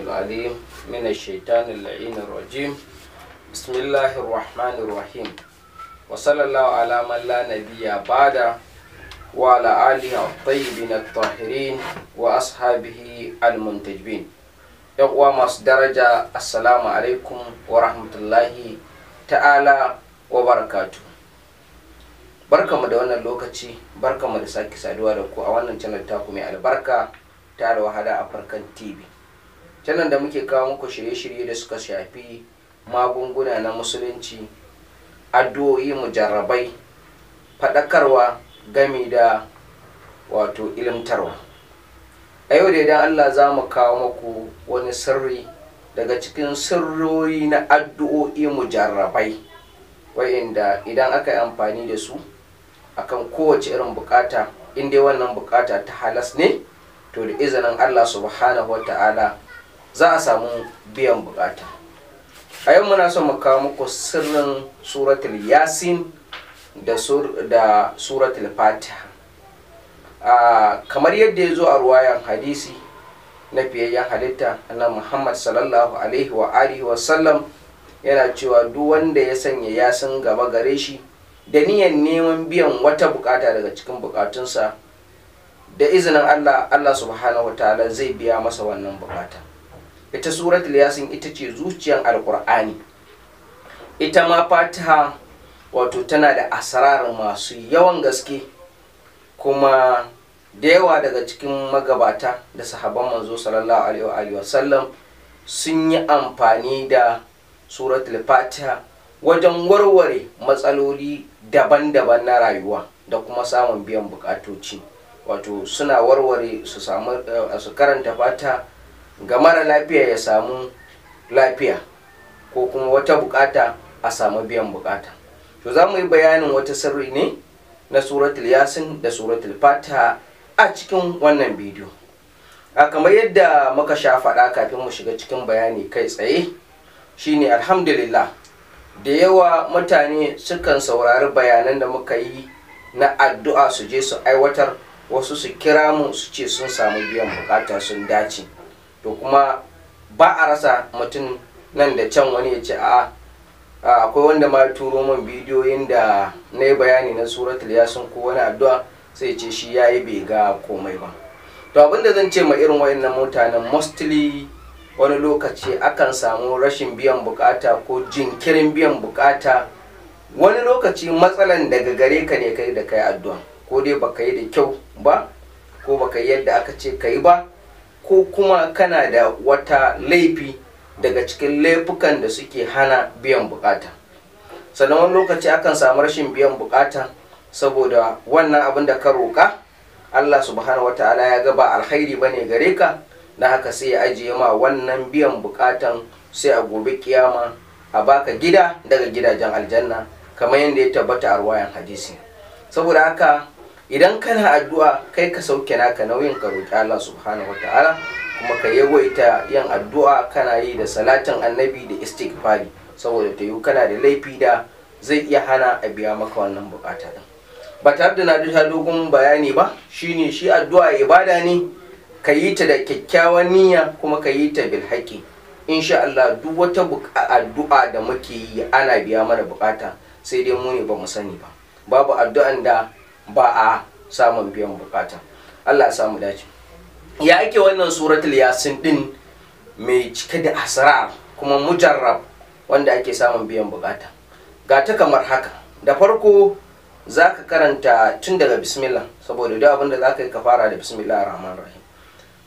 العليم من الشيطان اللعين الرجيم بسم الله الرحمن الرحيم وصلى الله على من لا نبي بعد وعلى آله الطيبين الطاهرين وأصحابه المنتجبين يقوى مص درجة السلام عليكم ورحمة الله تعالى وبركاته barkamu da wannan lokaci barkamu da sake saduwa da ku a wannan channel taku mai albarka ta da wahada afirkan tv ta da muke kawo muku shirye-shirye da suka shafi magunguna na musulunci addu'o'i mujarrabai faɗakarwa gami da wato ilimtarwa a yau da idan allah za mu kawo muku wani sirri daga cikin sirrori na addu'o'i mujarrabai wa'inda idan aka yi amfani da su akan kowace irin bukata inda wannan bukata ta halas ne to da izinin allah subhanahu wa ta'ala za a samu biyan bukata a yau muna son mu kawo muku sirrin suratul yasin da, sur, suratul fatiha kamar yadda ya zo a ruwayan hadisi na fiyayyen halitta na muhammad sallallahu alaihi wa alihi wa sallam yana cewa duk wanda ya sanya yasin gaba gare shi da niyyar neman biyan wata bukata daga cikin bukatunsa da izinin allah allah subhanahu wa ta'ala zai biya masa wannan bukata ita suratul yasin ita ce zuciyar alkur'ani ita ma fatiha wato tana da asrar masu yawan gaske kuma da yawa daga cikin magabata da sahabban manzo sallallahu alaihi wa sallam sun yi amfani da suratul fatiha wajen warware matsaloli daban-daban na rayuwa da kuma samun biyan bukatoci wato suna warware su eh, karanta fata ga mara lafiya ya samu lafiya ko kuma wata bukata a samu biyan bukata to za mu yi bayanin wata sirri ne na suratul yasin da suratul fata a cikin wannan bidiyo a kamar yadda muka sha faɗa kafin mu shiga cikin bayani kai tsaye shine alhamdulillah da yawa mutane sukan saurari bayanan da muka yi na addu'a su je su aiwatar wasu su kira mu su ce sun samu biyan bukata sun dace to kuma ba a rasa mutum nan da can wani ya ce a akwai wanda ma turo min bidiyoyin da na yi bayani na suratul yasin ko wani addu'a sai ce shi ya yi bai ga komai ba to abinda zan ce ma irin wayannan mutanen mostly wani lokaci akan samu rashin biyan bukata ko jinkirin biyan bukata wani lokaci matsalan daga gare ka ne kai da kai addu'a ko dai baka yi da kyau ba ko baka yi yadda aka ce ka yi ba ko kuma kana da wata laifi daga cikin laifukan da suke hana biyan bukata sannan wani lokaci akan samu rashin biyan bukata saboda wannan abin da ka roƙa allah subhanahu wata'ala ya ga ba alkhairi ba ne gare ka na haka sai ya ajiye ma wannan biyan bukatan sai a gobe kiyama a baka gida daga gidajen aljanna kamar yadda ya tabbata a ruwayan hadisi saboda haka idan kana addu'a kai ka sauke naka nauyin ka roki Allah subhanahu wataala kuma ka yawaita yin addu'a kana yi da salatin annabi da istighfari saboda ta kana da laifi da zai iya hana a biya maka wannan bukata din ba tare da na ta dogon bayani ba shine shi addu'a ibada ne ka yi ta da kyakkyawan niyya kuma ka yi ta bil haƙi insha Allah duk wata addu'a da muke yi ana biya mana bukata sai dai mu ne ba mu sani ba babu addu'an da ba a samun biyan bukata Allah ya samu dace ya ake wannan suratul yasin din mai cike da asrar kuma mujarrab wanda ake samun biyan bukata ga ta kamar haka da farko za ka karanta tun daga bismillah saboda duk abin da za ka yi ka fara da bismillah rahman rahim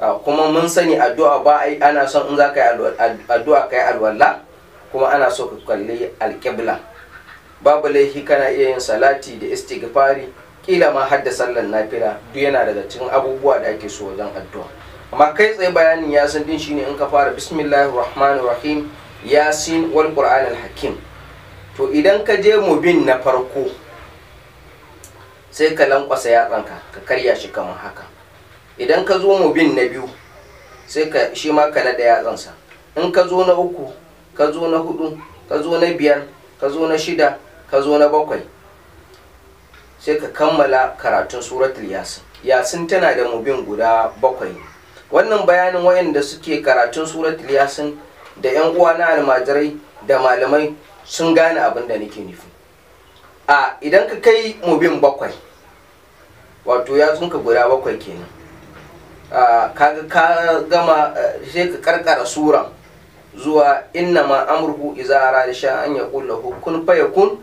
ah, kuma mun sani addu'a ba ai ana son in za ka yi addu'a ka yi alwala kuma ana so ka kalli alƙibla babu laifi kana iya yin salati da istighfari kila ma hadda sallar nafila duk yana daga cikin abubuwa da ake so wajen addu'a amma kai tsaye bayanin ya san din shine in ka fara bismillahir rahmanir rahim yasin wal qur'anil hakim to idan ka je mubin na farko sai ka lankwasa yatsanka ka karya shi kamar haka idan ka zo mubin na biyu sai ka shi ma ka naɗa yatsansa in ka zo na uku ka zo na hudu ka zo na biyar ka zo na shida ka zo na bakwai sai ka kammala karatun suratul yasin yasin tana da mubin guda bakwai wannan bayanin wayanda suke karatun suratul yasin da yan uwa na almajirai da malamai sun gane abin da nake nufi a idan ka kai mubin bakwai wato yatsunka guda bakwai kenan kaga ka gama eh, sai ka karkara sura zuwa inna ma amurhu izara da sha an ya kun fayakun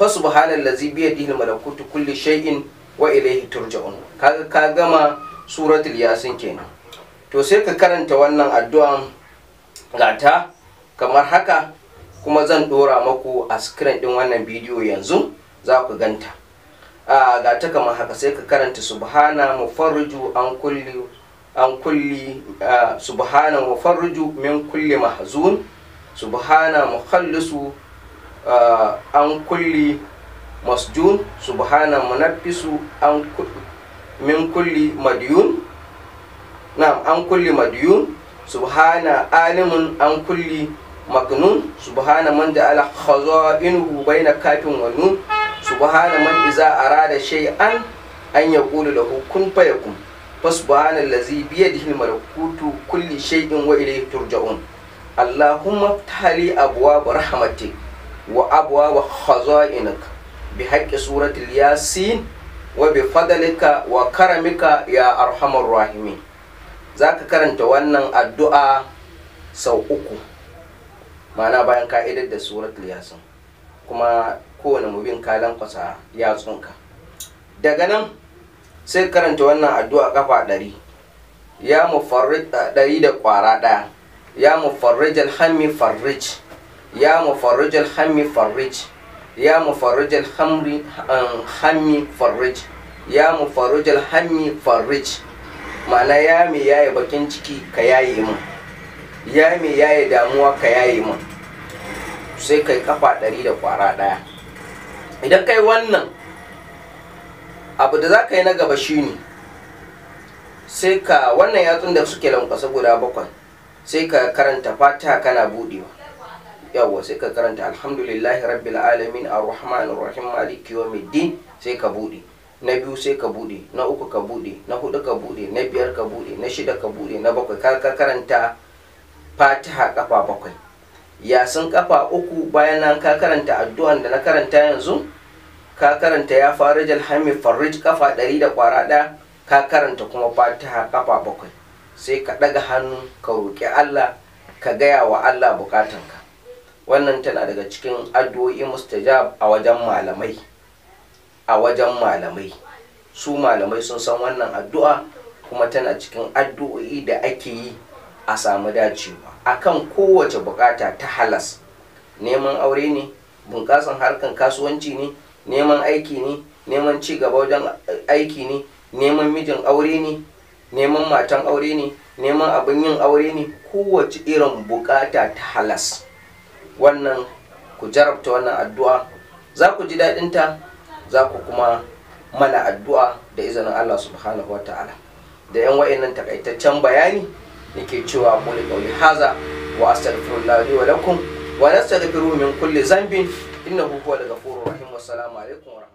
fa subhanallazi bi yadihi malakutu kulli shay'in wa ilayhi turja'un kaga ka gama suratul yasin kenan to sai ka karanta wannan addu'an gata kamar haka kuma zan dora maku a screen din wannan bidiyo yanzu za ku ganta a gata kamar haka sai ka karanta subhana mufarriju an kulli an kulli subhana mufarriju min kulli mahzun subhana mukhallisu Uh, an kulli masjun subhana munaffisu an min kulli madiyun na'am an kulli madyun subhana alimun an kulli maknun subhana man ja'ala khaza'inuhu baina kafin wa nun subhana man iza arada shay'an an yaqulu lahu kun fayakun fasubhana allazi yadihi malakutu kulli shay'in wa ilayhi turja'un allahumma ftahli abwaab rahmatik wa abuwa wa khaza'inak bi haƙƙi suratul yasin wa bi fadalika wa karamika ya arhamar rahimi za ka karanta wannan addu'a sau uku mana bayan ka'idar da suratul yasin kuma kowane mubin kalan kwasa yatsunka daga nan sai karanta wannan addu'a kafa ɗari ya mufarrij ɗari da ƙwara ɗaya ya mufarrijal hammi farrij ya mufarrij alhammi farrij ya mufarrij alhamri hammi farrij ya mufarrij alhammi eh, farrij ma'ana ya mai yaye bakin ciki ka yaye min ya mai yaye damuwa ka yaye min sai kai kafa ɗari da kwara ɗaya idan kai wannan abu da za ka yi na gaba shine sai ka wannan yatsun da suke lankwasa guda bakwai sai ka karanta fata kana budewa wa sai ka karanta alhamdulillahi rabbil alamin ar rahim maliki yawmiddin sai ka bude na biyu sai ka bude na uku ka bude na hudu ka bude na biyar ka bude na shida ka bude na bakwai ka karanta fatiha kafa bakwai Ya sun kafa uku bayan nan ka karanta addu'an da na karanta yanzu ka karanta ya fara jalhami farij kafa ɗari da kwara ɗaya ka karanta kuma fatiha kafa bakwai sai ka ɗaga hannu ka roƙi allah ka gaya wa allah bukatanka wannan tana daga cikin addu'o'i mustajab a wajen malamai a wajen malamai su malamai sun san wannan addu'a kuma tana cikin addu'o'i da ake yi a samu dacewa akan kowace bukata ta halas neman aure ne bunƙasan harkan kasuwanci ne neman aiki ne neman ci gaba wajen aiki ne neman mijin aure ne neman matan aure ne neman abin yin aure ne kowace irin bukata ta halas wannan ku jarabta wannan addu'a za ku ji daɗinta za ku kuma mana addu'a da izinin Allah subhanahu wata'ala da yan wa'annan takaitaccen bayani nake cewa da qawli haza wa astaghfirullah li wa lakum wa nastaghfiru min kulli zambin innahu huwal ghafurur rahim wassalamu alaikum wa